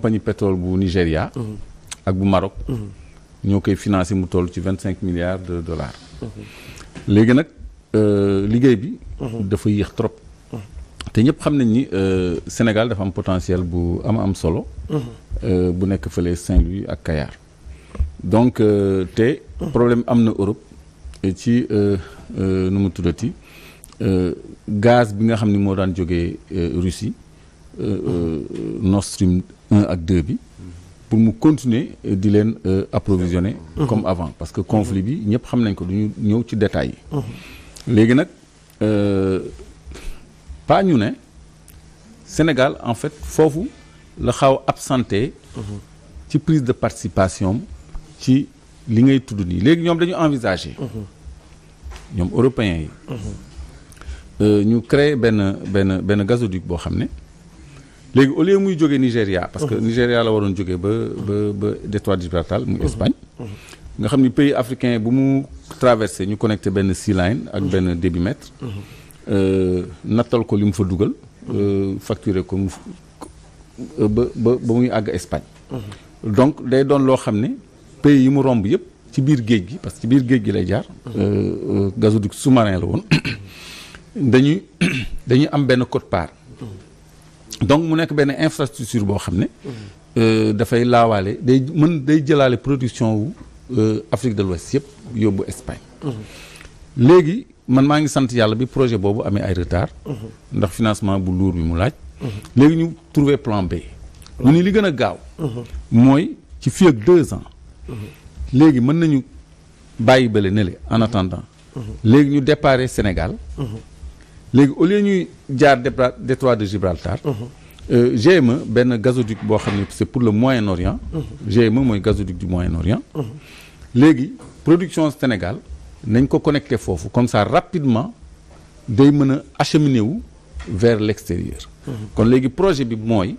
compagnie pétrole bu Nigéria. Mhm. ak bu Maroc. Mhm. ñoo koy financé mu toll ci vingt cinq milliards de dollars. Mhm. léegi nag euh, liggéey bi. dafa yéex trop. te ñëpp xam nañ ni euh, Sénégal dafa am potentiel bu am am solo. Euh, bu nekk fële cinq louis ak Kayar. donc te. problème am na Europe ci nu mu tuddati gaz bi nga xam ni moo daan jógee Russie. Nord un ak deux bi pour mu continuer di leen euh, approvisionner comme mmh. avant parce que conflit bi ñëpp xam nañ ko duñu ñëw ci détails yi mmh. léegi nag euh, pas ñu ne Sénégal en fait foofu la xaw absenté ci mmh. prise de participation ci li ngay tudd nii léegi ñoom dañu envisager ñoom européens yi euh, ñu créer benn benn benn gazoduc boo xam ne léegi au lieu muy jóge nigeria parce que Nigéria la waroon jógee ba ba ba détroit de Gibraltar muy Espagne nga xam ni pays africain bu mu traverse ñu connecté benn sea line ak benn débitmètre euh, nattal ko li mu fa dugal euh, facturé ko mu euh, ba ba ba muy àgg Espagne donc day doon loo xam ne pays yi mu romb yëpp ci biir géej gi parce que ci biir géej gi lay jaar gazoduc sous-marin la woon dañuy dañuy am benn quote-part donc mu nekk benn infrastructure boo xam ne. Euh, dafay laawaale day mën day jëlaale production wu euh, Afrique de l'Ouest yëpp yóbbu Espagne. Mm-hmm. léegi man maa ngi sant yàlla bi projet boobu amee ay retard. Mm-hmm. ndax financement bu lourd bi mu laaj. Mm-hmm. léegi ñu trouver plan B. mu ni li gën a gaaw. mooy ci fi ak deux ans. léegi mën nañu bàyyi bële nële en attendant. léegi ñu déparé Sénégal. léegi au lieu ñuy jaar détroit de Gibraltar. Mhm. Euh, GME benn gazoduc boo xam ne c'est pour le Moyen-Orient. Mhm. GME mooy gazoduc du Moyen-Orient. Mhm. léegi production Sénégal nañ ko connecté foofu comme ça rapidement day mën a acheminer wu vers l'extérieur. kon léegi projet bi mooy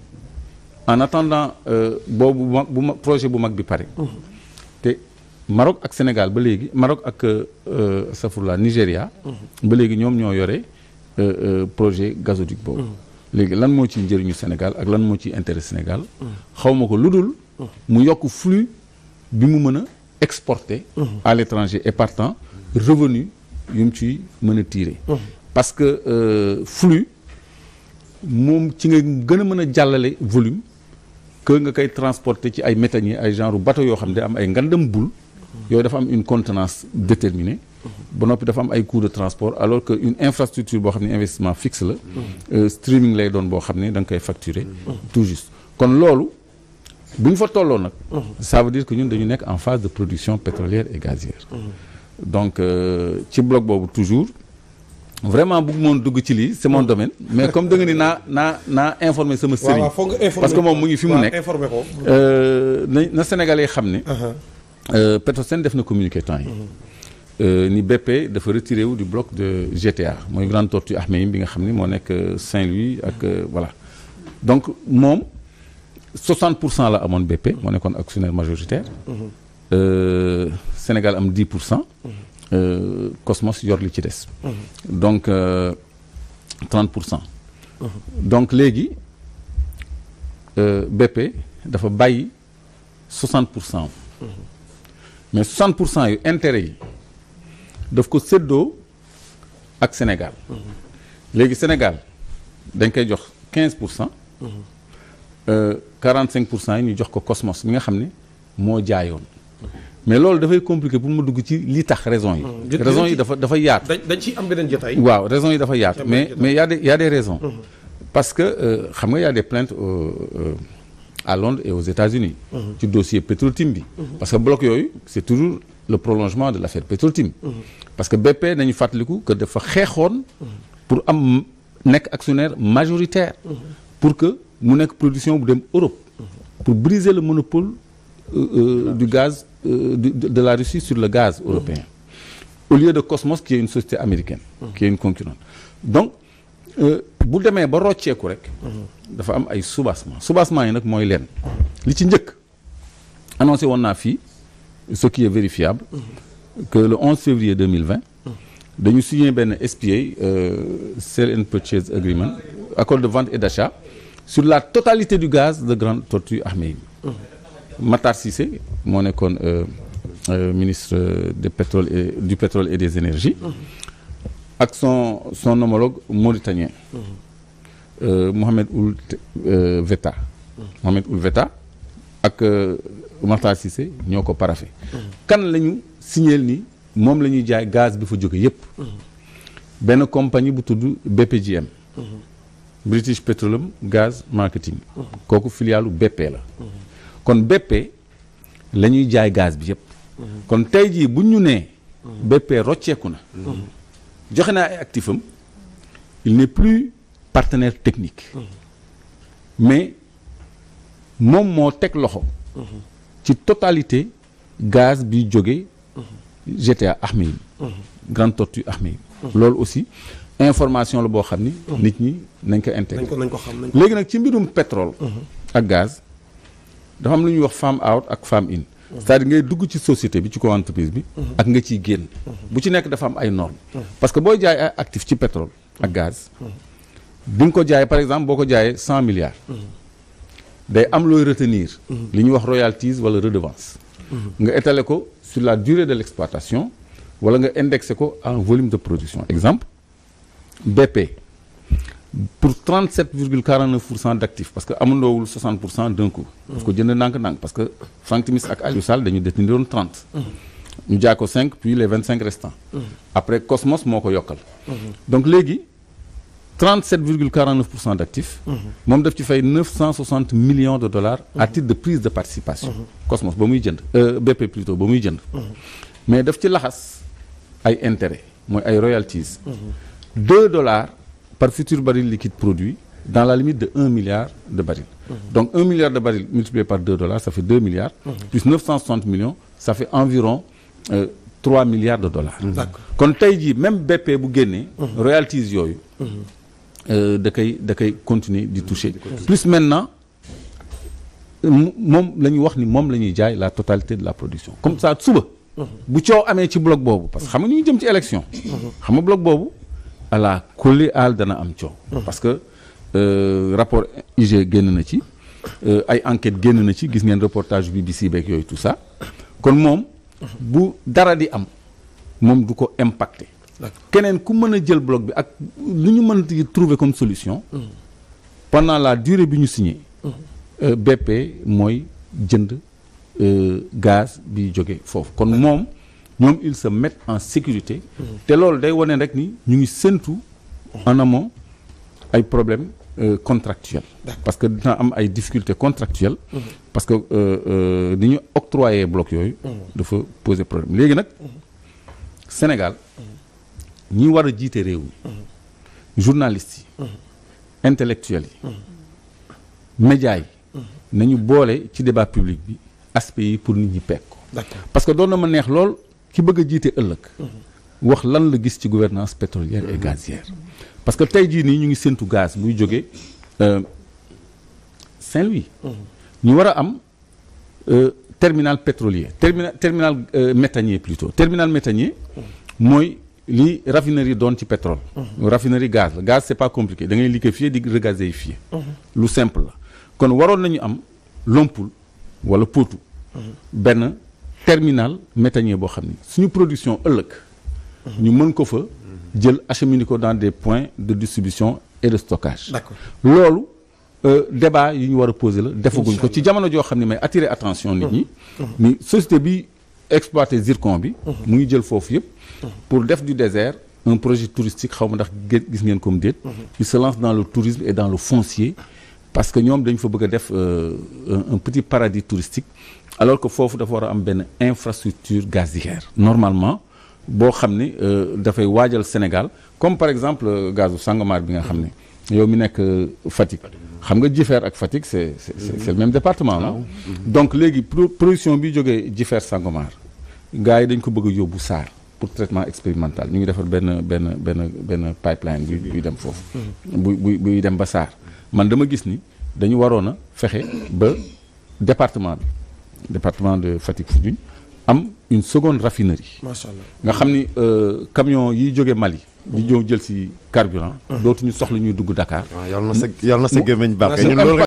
en attendant euh, boobu bu mag projet bu mag bi pare. te Maroc ak Sénégal ba léegi Maroc ak safurla euh, Nigéria. ba léegi ñoom ñoo yore. Euh, euh, projet gazoduc boobu. Mm. léegi lan moo ci njëriñu Sénégal ak lan moo ci intérêt Sénégal. Mm. xawma ko lu dul. Mm. mu yokk flux bi mu mën a exporter. à l'étranger et partant revenu yu mu ci mën a tiire parce que euh, flux moom ci nga gën a mën a jàllale volume que nga koy transporter ci ay méthaniers ay genre bateau yoo xam ne am ay ngandam bul yooyu dafa am une contenance déterminée ba noppi dafa am ay coûts de transport alors que une infrastructure boo xam ne investissement fixe la euh, streaming lay doon boo xam ne da nga koy facturer tout juste kon loolu bu ñu fa tolloo nag ça veut dire que ñun dañu nekk en phase de production pétrolière et gazière donc euh, ci bloc boobu toujours vraiment bëgg moon dugg ci lii c'est mon domaine mais comme da nga ni naa naa naa informé sama sëriñ parce que moom mu ngi fi Euh, Petrosen def na communiqué temps mm-hmm. euh, ni BP dafa retiré wu du bloc de GTA mooy Grande Tortue Ahmeyim bi nga xam ni moo nekk euh, Saint-Louis ak mm-hmm. voilà donc moom 60 pour cent la amoon BP moo nekkoon actionnaire majoritaire. Mm-hmm. Sénégal am 10 pour cent. Cosmos yor li ci des. donc 30 pour cent. donc léegi BP dafa bàyyi 60 pour cent. mais 60 pour cent yu intérêt yi daf ko séddoo ak Sénégal léegi Sénégal dañ koy jox 15 pour cent euh, cinq pour cent yi ñu jox ko Cosmos mi nga xam ne moo jaayoon mais loolu dafay compliqué pour ma dugg ci li tax raison yi mmh. raison yi dafa dafa yaatu dañ ciy am beneen jotaay waaw raison yi dafa yaatu mais mais y a des y a mmh. parce que euh, xam nga y a des euh, à Londres et aux États-Unis mhm. ci dossier Petrotim bi mhm. parce que bloc yooyu c'est toujours le prolongement de l'affaire Petrotim mhm. parce que BP nañu fàttaliku que dafa xeexoon pour am nekk actionnaire majoritaire pour que mu nekk production bu dem Europe pour briser le monopole euh, euh du gaz euh, de, de la Russie sur le gaz européen au lieu de Cosmos qui est une société américaine qui est une concurrente donc euh, bu demee ba rocceeku rek dafa am ay soubassement soubassement yi nag mooy leen li ci njëkk annoncé woon naa fii ce qui est vérifiable que le 11 février 2020 dañu signé benn SPA euh, sale and purchase agreement accord de vente et d'achat sur la totalité du gaz de Grande Tortue Ahmeyim Matar Cissé moo nekkoon euh, euh, ministre des pétrole et du pétrole et des énergies ak son son mauritanien Euh, Mohamed Ould euh, Veta. Mohamed Ould Veta ak euh, Makhtar ñoo ko parafe kan la ñu ni moom la ñuy jaay gaz bi fa jóge yépp benn compagnie bu tudd BPGM. British Petroleum Gas Marketing. kooku filialu BP la. kon BP la jaay gaz bi yépp kon tey jii buñ ñu nee. BP rocceeku na. joxe naa ay actifam il n'est plus. partenaire technique. mais moom moo teg loxo. ci totalité gaz bi jóge GTA Ahmeyim Grande Tortue Ahmeyim loolu aussi information la boo xam ni. nit ñi nañ ko intégré. ko xam léegi nag ci mbirum pétrole. ak gaz dafa am lu ñuy wax farm out ak farm in. cest ngay dugg ci société bi ci ko entreprise bi. ak nga ciy génn. bu ci nekk dafa am ay normes. parce que booy jaay ay actif ci pétrole ak gaz. bi nga ko jaayee par exemple boo ko jaayee cent milliards. Mm-hmm. day am looy retenir. Mm-hmm. li ñuy wax royalties wala redevance. Mm-hmm. nga étaler ko sur la durée de l'exploitation wala nga indexer ko en volume de production exemple BP pour 37 virgule 49 pour cent d'actifs parce que amandoowul 60 pour cent d'un coup. parce que jënd ndànk-ndànk parce que Franck Timis ak Aliou Sall dañu déteniroon 30. ñu jaay ko 5 puis les cinq restants. après Cosmos moo ko yokkal. 37 virgule 49 pour cent d' actifs. Mhm. moom daf ci fay 960 millions de dollars. à mhm. titre de prise de participation. Mhm. Cosmos ba muy jënd euh, BP plutôt ba muy jënd. mais daf ci laxas ay intérêts mooy ay royalties. 2 dollars par futur baril liquide produit dans la limite de 1 milliard de barils. donc 1 milliard de barils multiplié par 2 dollars ça fait 2 milliards. plus 960 euh, de dollars. kon tey jii même BP bu génnee. royalties yooyu. Euh, da koy da koy continuer di toucher plus maintenant euh, moom la ñu wax ni moom la ñuy jaay la totalité de la production comme ça suba bu coow amee ci bloc boobu parce que xam nga ñu jëm ci élection xam nga boobu àla kulli aal dana am coow parce que euh, rapport IG génn na ci euh, ay enquête génn na ci gis ngeen reportage BBC beeg yooyu tout ça kon moom bu dara di am moom du ko impacté keneen ku mën a jël bloc bi ak lu ñu mën a trouver comme solution. pendant la durée bi ñu signé. Euh, BP mooy jënd euh, gaz bi jóge foofu kon moom ñoom ils se mettent en sécurité. te loolu day wane rek ni ñu ngi séntu en amont ay problèmes euh, contractuels. parce que dina am ay difficultés contractuelles. Mmh. parce que ni ñu octroyé bloc yooyu. Mmh. dafa poser problème léegi nag mmh. Sénégal. ñi war a jiite réew mi journalistes yi intellectuels yi médias nañu boole ci débat public bi aspect yi pour nit ñi peek ko parce que doon na ma neex lool ki bëgg a jiite ëllëg mm-hmm. wax lan la gis ci gouvernance pétrolière et mm-hmm. gazière parce que tey jii nii ñu ngi séntu gaz buy jóge euh, Saint-Louis mm-hmm. ñu war a am euh, terminal pétrolier terminal terminal euh, méthanier plutôt terminal méthanier mooy li raffinerie doon ci pétrole. Mhm. raffinerie gaz la gaz c'est pas compliqué da ngay liquéfier di regazéifier. Mhm. lu simple la kon waroon nañu am Lompoul wala Potou. Mhm. benn terminal méthanier boo xam ni suñu production ëllëg. ñu mën ko fa jël acheminer ko dans des points de distribution et de stockage. d'accord loolu euh, débat yi ñu war pose la. defaguñ ko ci jamono joo xam ne may attirer attention nit ñi. ni société bi exploité zircon bi. Mhm. mu ngi jël foofu yëpp. Mhm. pour def du désert un projet touristique xaw ma ndax gis ngeen comme déet. Mhm. il se lance dans le tourisme et dans le foncier. parce que ñoom dañu fa bëgg a def euh, un petit paradis touristique alors que foofu dafa war a am benn infrastructure gazière normalement boo xam ni euh, dafay waajal Sénégal comme par exemple euh, gazu Sangomar bi nga xam ne yow mi nekk Fatick xam nga Jifeer ak Fatick c'est c'est le même département la ah donc léegi production bi jógee Jifeer Sangomar gars yi dañ ko bëgg a yóbbu SAR pour traitement expérimental ñu ngi defar benn benn benn benn pipeline buy buy dem foofu. Hmm. bu buy buy dem ba SAR man dama gis ni dañu waroon a fexe ba département bi département de Fatick Foundiougne am une seconde raffinerie. nga xam ni euh, camion yiy jóge Mali. di jóg hmm. jël si carburant. Hmm. dootuñu soxla ñuy dugg Dakar. waaw ah, na sa yal na